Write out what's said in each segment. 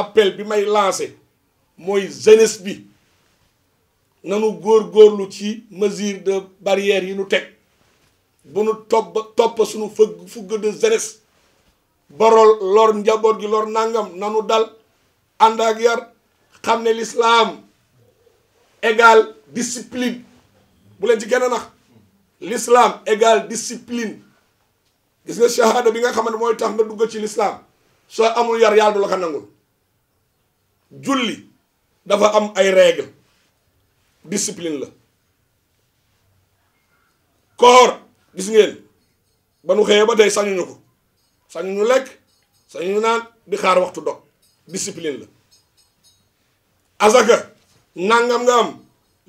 appel bi may lancé mooy jeunesse bi nanu góor-góorlu ci mesure de barrière yi nu teg bu nu topp topp suñu fëgg fugg de jeunesse barol lor njaboot gi lor nangam nanu dal ànd ak yar xam ne lislaam égale discipline bu leen ci kenn nax l'islam égale discipline gis nga shahada bi nga ne mooy tax nga dugg ci l'islam soo amul yar yàlla du la ko nangul julli dafa am ay règle discipline la koor gis ba nu xëyee ba tey sañuñu ko sañuñu lekk sañuñu naan di xaar waxtu dog discipline la azaka nangam nga am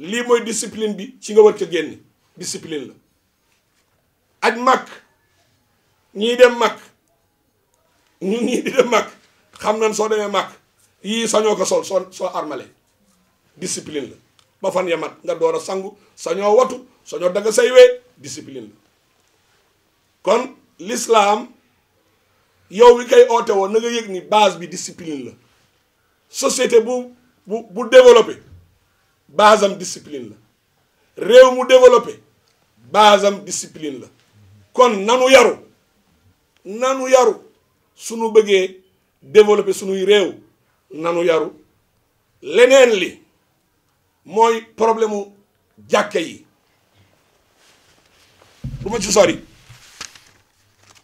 lii mooy discipline bi ci nga war ca génne discipline la aj màkk ñii dem màkk ñun ñii dem màkk xam nañ soo demee màkk yii sañoo ko sol soo soo armale discipline la ba fan yamat nga door a sangu sañoo watu sañoo dagg say wee discipline la kon l'islam yow wi kay oote woon na nga yëg ni base bi discipline la société bu bu bu développé base am la réew mu développé base am la kon nanu yaru nanu yaru sunu bëggee développé sunuy réew nanu yaru leneen li mooy problème mu jàkka yi du ma ci sori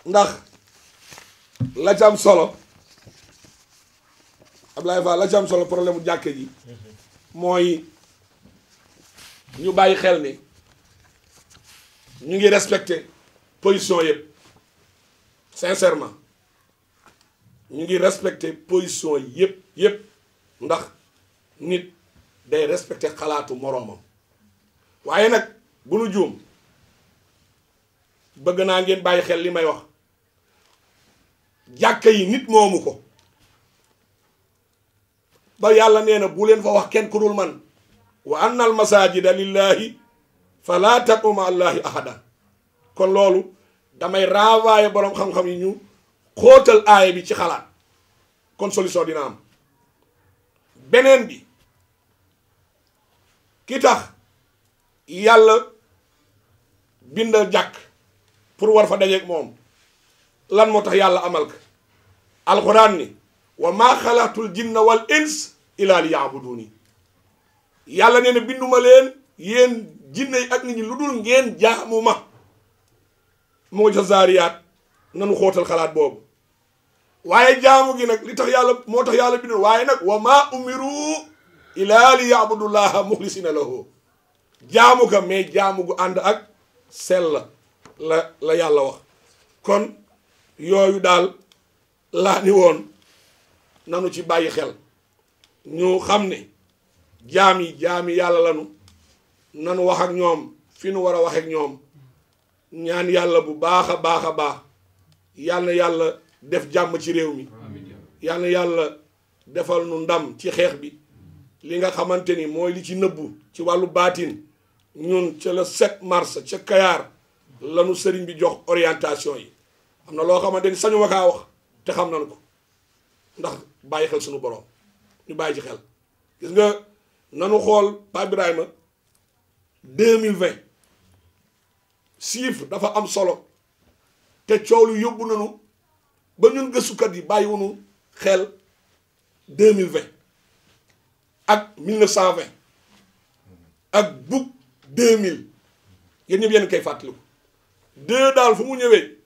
ndax la am solo Ablaye laay la ci solo problème mu jàkka ji mooy ñu bàyyi xel ni ñu ngi respecté position yëpp sincèrement ñu ngi respecté position yëpp yëpp ndax nit day respecté xalaatu moroomam waaye nag bu nu juum bëgg naa ngeen bàyyi xel li may wax jàkka yi nit moomu ko ba yàlla nee na bu leen fa wax kenn kurul man wa anna al masajida lillahi fala taqum allahi ahada kon loolu damay raavaaye boroom xam-xam yi ñu xootal aaya bi ci xalaat kon solution dina am beneen bi ki tax yàlla bindal jàkk pour war fa dajeeg moom lan moo tax yàlla amal ko alxuraan ni wa maa xalaqtul jinna wal ins illa li yaabuduni yàlla nee na binduma leen yéen jinne yi ak nit ñi lu dul ngeen jaamu ma moo ca zaariyaat nanu xootal xalaat boobu waaye jaamu gi nag li tax yàlla moo tax yàlla bindoon waaye nag wa ma umiru ila li yabudullaha muxlisina lahu jaamu ga mais jaamu gu ànd ak sell la la yàlla wax kon yooyu daal laa woon nanu ci bàyyi xel ñu xam ne jaam yi jaam yi yàlla lanu nanu wax ak ñoom fi nu war a wax ñoom ñaan yàlla bu baax a baax a baax yàlla yàlla def jàmm ci réew mi yal yàlla defal nu ndam ci xeex bi li nga xamante ni mooy li ci nëbbu ci wàllu baatin ñun ca le 7 mars ca Kayaar lanu sëriñ bi jox orientation yi am na loo xamante ni sañu ma kaa wax te xam nañ ko ndax bàyyi xel suñu borom ñu bàyyi ci xel gis nga nanu xool Pa Ibrahima 2020 chiffre dafa am solo te coow lu yóbbu nanu ba ñun gëstukat yi bàyyiwunu xel deux mille vingt ak mille neuf cent vingt ak bug deux mille yéen ñëpp yéen koy fàttaliku deux daal fu mu ñëwee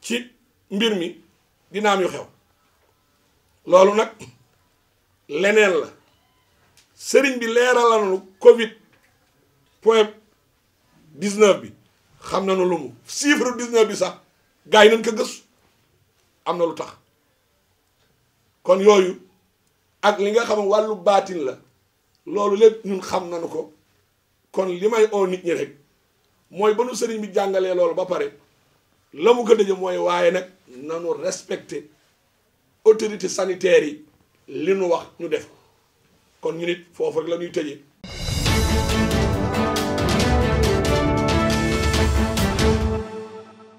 ci mbir mi dinaa am yu xew loolu nag leneen la sëriñ bi leeralanu covid point dix-neuf bi xam nañu lu mu chiffre dix-neuf bi sax gars yi nañ ko gëstu am na lu tax kon yooyu ak li nga xam wàllu baatin la loolu lépp ñun xam nañu ko kon li may oo nit ñi rek mooy ba nu sëriñ bi jàngalee loolu ba pare la mu gën a mooy waaye nag nanu respecté autorité sanitaire yi li nu wax ñu def kon ñu nit foofu rek la ñuy tëjee